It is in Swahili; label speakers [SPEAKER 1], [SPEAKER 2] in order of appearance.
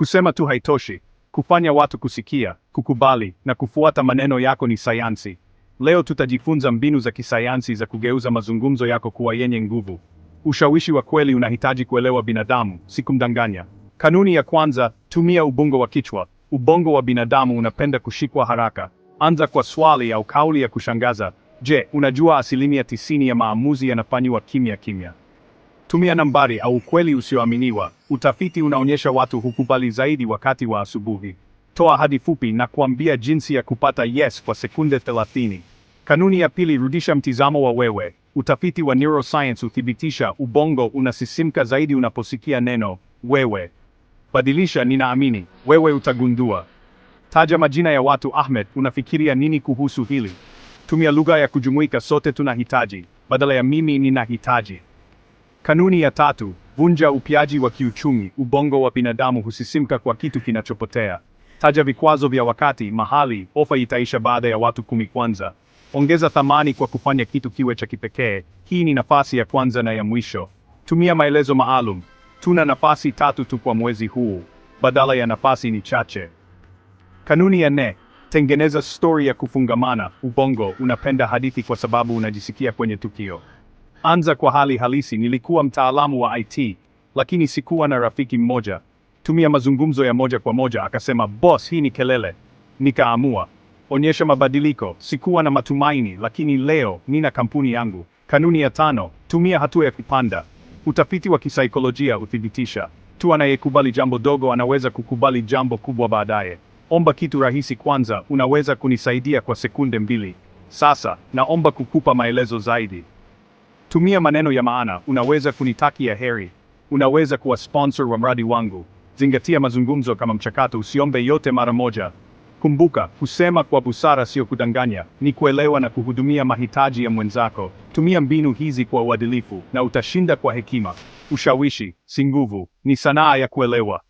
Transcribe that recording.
[SPEAKER 1] Kusema tu haitoshi, kufanya watu kusikia, kukubali na kufuata maneno yako ni sayansi. Leo tutajifunza mbinu za kisayansi za kugeuza mazungumzo yako kuwa yenye nguvu. Ushawishi wa kweli unahitaji kuelewa binadamu, si kumdanganya. Kanuni ya kwanza, tumia ubongo wa kichwa. Ubongo wa binadamu unapenda kushikwa haraka. Anza kwa swali au kauli ya kushangaza. Je, unajua asilimia tisini ya maamuzi yanafanywa kimya kimya? Tumia nambari au ukweli usioaminiwa. Utafiti unaonyesha watu hukubali zaidi wakati wa asubuhi. Toa ahadi fupi na kuambia jinsi ya kupata yes kwa sekunde 30. Kanuni ya pili, rudisha mtizamo wa wewe. Utafiti wa neuroscience uthibitisha ubongo unasisimka zaidi unaposikia neno wewe. Badilisha ninaamini, wewe utagundua. Taja majina ya watu. Ahmed, unafikiria nini kuhusu hili? Tumia lugha ya kujumuika, sote tunahitaji, badala ya mimi ninahitaji. Kanuni ya tatu, vunja upiaji wa kiuchumi. Ubongo wa binadamu husisimka kwa kitu kinachopotea. Taja vikwazo vya wakati, mahali, ofa itaisha baada ya watu kumi kwanza. Ongeza thamani kwa kufanya kitu kiwe cha kipekee. Hii ni nafasi ya kwanza na ya mwisho. Tumia maelezo maalum. Tuna nafasi tatu tu kwa mwezi huu, badala ya nafasi ni chache. Kanuni ya nne, tengeneza stori ya kufungamana. Ubongo unapenda hadithi kwa sababu unajisikia kwenye tukio. Anza kwa hali halisi. Nilikuwa mtaalamu wa IT, lakini sikuwa na rafiki mmoja. Tumia mazungumzo ya moja kwa moja. Akasema, boss, hii ni kelele. Nikaamua onyesha mabadiliko. Sikuwa na matumaini, lakini leo nina kampuni yangu. Kanuni ya tano: tumia hatua ya kupanda. Utafiti wa kisaikolojia uthibitisha tu anayekubali jambo dogo anaweza kukubali jambo kubwa baadaye. Omba kitu rahisi kwanza. Unaweza kunisaidia kwa sekunde mbili? Sasa naomba kukupa maelezo zaidi. Tumia maneno ya maana, unaweza kunitaki ya heri, unaweza kuwa sponsor wa mradi wangu. Zingatia mazungumzo kama mchakato, usiombe yote mara moja. Kumbuka, kusema kwa busara sio kudanganya, ni kuelewa na kuhudumia mahitaji ya mwenzako. Tumia mbinu hizi kwa uadilifu na utashinda kwa hekima. Ushawishi si nguvu, ni sanaa ya kuelewa.